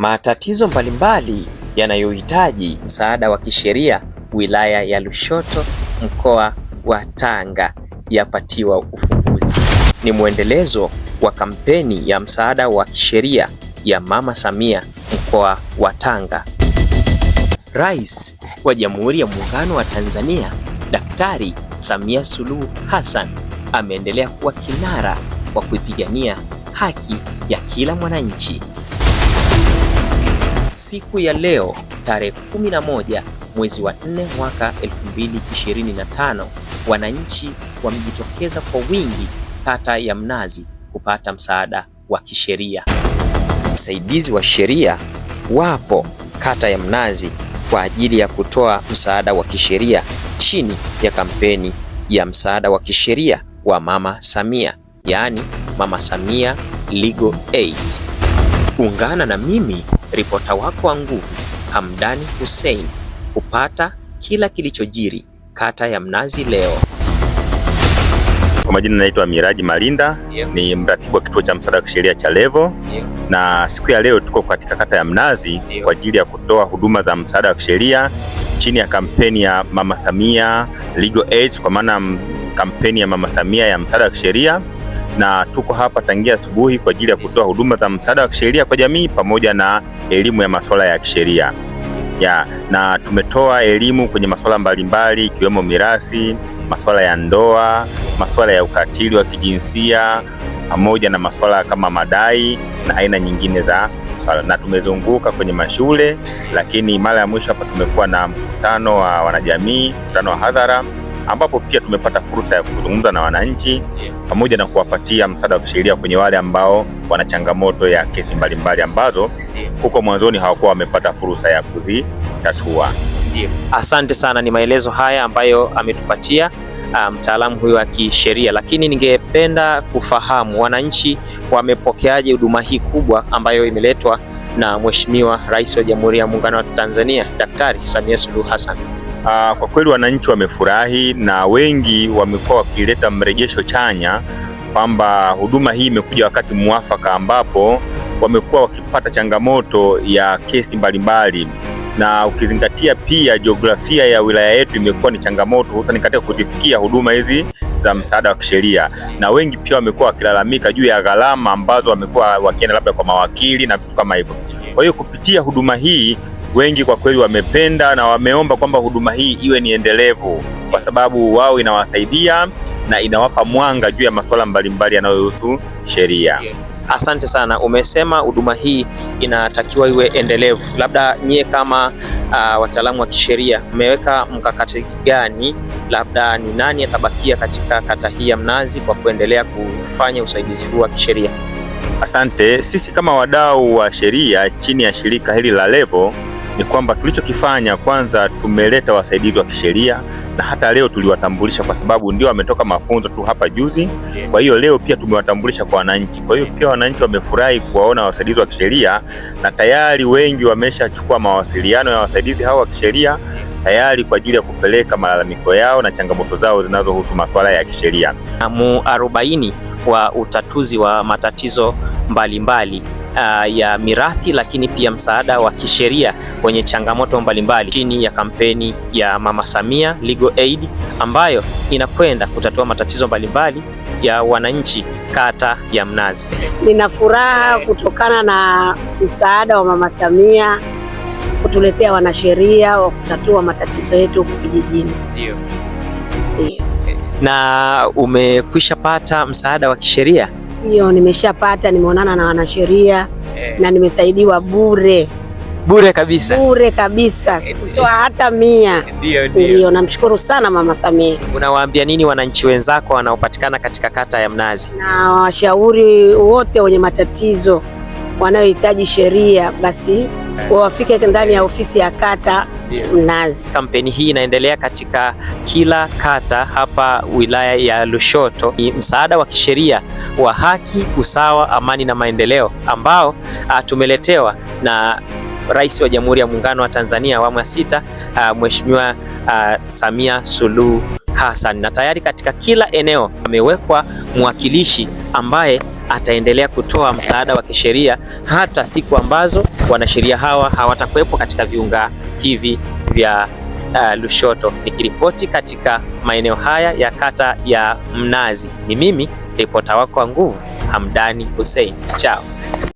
matatizo mbalimbali yanayohitaji msaada wa kisheria wilaya ya Lushoto mkoa wa Tanga yapatiwa ufumbuzi. Ni mwendelezo wa kampeni ya msaada wa kisheria ya Mama Samia mkoa wa Tanga. Rais wa Jamhuri ya Muungano wa Tanzania Daktari Samia Suluhu Hassan ameendelea kuwa kinara wa kuipigania haki ya kila mwananchi siku ya leo tarehe 11 mwezi wa 4 mwaka 2025, wananchi wamejitokeza kwa wingi kata ya Mnazi kupata msaada wa kisheria. Wasaidizi wa sheria wapo kata ya Mnazi kwa ajili ya kutoa msaada wa kisheria chini ya kampeni ya msaada wa kisheria wa Mama Samia, yaani Mama Samia Legal Aid. Ungana na mimi Ripota wako wa nguvu Hamdani Hussein hupata kila kilichojiri kata ya Mnazi leo. Kwa majina naitwa Miraji Malinda, yeah. Ni mratibu wa kituo cha msaada wa kisheria cha Levo, yeah. Na siku ya leo tuko katika kata ya Mnazi, yeah, kwa ajili ya kutoa huduma za msaada wa kisheria chini ya kampeni ya Mama Samia Legal Aid, kwa maana kampeni ya Mama Samia ya msaada wa kisheria na tuko hapa tangia asubuhi kwa ajili ya kutoa huduma za msaada wa kisheria kwa jamii pamoja na elimu ya masuala ya kisheria ya na tumetoa elimu kwenye masuala mbalimbali ikiwemo mirasi, masuala ya ndoa, masuala ya ukatili wa kijinsia pamoja na masuala kama madai na aina nyingine za masuala, na tumezunguka kwenye mashule, lakini mara ya mwisho hapa tumekuwa na mkutano wa wanajamii, mkutano wa hadhara ambapo pia tumepata fursa ya kuzungumza na wananchi pamoja na kuwapatia msaada wa kisheria kwenye wale ambao wana changamoto ya kesi mbalimbali ambazo huko mwanzoni hawakuwa wamepata fursa ya kuzitatua. Asante sana, ni maelezo haya ambayo ametupatia ah, mtaalamu um, huyu wa kisheria, lakini ningependa kufahamu wananchi wamepokeaje huduma hii kubwa ambayo imeletwa na Mheshimiwa Rais wa Jamhuri ya Muungano wa Tanzania Daktari Samia Suluhu Hassan. Aa, ah, kwa kweli wananchi wamefurahi na wengi wamekuwa wakileta mrejesho chanya kwamba huduma hii imekuja wakati mwafaka, ambapo wamekuwa wakipata changamoto ya kesi mbalimbali na ukizingatia pia jiografia ya wilaya yetu imekuwa ni changamoto, hususan katika kuzifikia huduma hizi za msaada wa kisheria, na wengi pia wamekuwa wakilalamika juu ya gharama ambazo wamekuwa wakienda labda kwa mawakili na vitu kama hivyo. Kwa hiyo kupitia huduma hii wengi kwa kweli wamependa na wameomba kwamba huduma hii iwe ni endelevu, kwa sababu wao inawasaidia na inawapa mwanga juu ya masuala mbalimbali yanayohusu sheria. Asante sana. Umesema huduma hii inatakiwa iwe endelevu, labda nyie kama uh, wataalamu wa kisheria mmeweka mkakati gani? Labda ni nani atabakia katika kata hii ya Mnazi kwa kuendelea kufanya usaidizi huu wa kisheria? Asante. Sisi kama wadau wa sheria chini ya shirika hili la Levo ni kwamba tulichokifanya kwanza, tumeleta wasaidizi wa kisheria na hata leo tuliwatambulisha, kwa sababu ndio wametoka mafunzo tu hapa juzi. Kwa hiyo leo pia tumewatambulisha kwa wananchi. Kwa hiyo pia wananchi wamefurahi kuwaona wasaidizi wa kisheria, na tayari wengi wameshachukua mawasiliano ya wasaidizi hao wa kisheria tayari kwa ajili ya kupeleka malalamiko yao na changamoto zao zinazohusu masuala ya kisheria. Muarobaini wa utatuzi wa matatizo mbalimbali mbali uh, ya mirathi, lakini pia msaada wa kisheria kwenye changamoto mbalimbali chini ya kampeni ya Mama Samia Legal Aid ambayo inakwenda kutatua matatizo mbalimbali ya wananchi kata ya Mnazi. Nina furaha kutokana na msaada wa Mama Samia kutuletea wanasheria wa kutatua matatizo yetu huku kijijini. Ndio. Na umekwisha pata msaada wa kisheria? hiyo nimeshapata, nimeonana na wanasheria eh, na nimesaidiwa bure bure kabisa, bure kabisa, sikutoa hata mia. Ndio, ndio, namshukuru sana Mama Samia. Unawaambia nini wananchi wenzako wanaopatikana katika kata ya Mnazi? Na washauri wote wenye matatizo wanayohitaji sheria, basi eh. wafike ndani ya ofisi ya kata Nazi. Kampeni hii inaendelea katika kila kata hapa wilaya ya Lushoto. Ni msaada wa kisheria wa haki, usawa, amani na maendeleo ambao ah, tumeletewa na Rais wa Jamhuri ya Muungano wa Tanzania awamu ya sita, ah, Mheshimiwa ah, Samia Suluhu Hassan, na tayari katika kila eneo amewekwa mwakilishi ambaye ataendelea kutoa msaada wa kisheria hata siku ambazo wanasheria hawa hawatakuwepo katika viunga hivi vya uh, Lushoto. Nikiripoti katika maeneo haya ya kata ya Mnazi, ni mimi ripota wako wa nguvu Hamdani Hussein. Chao.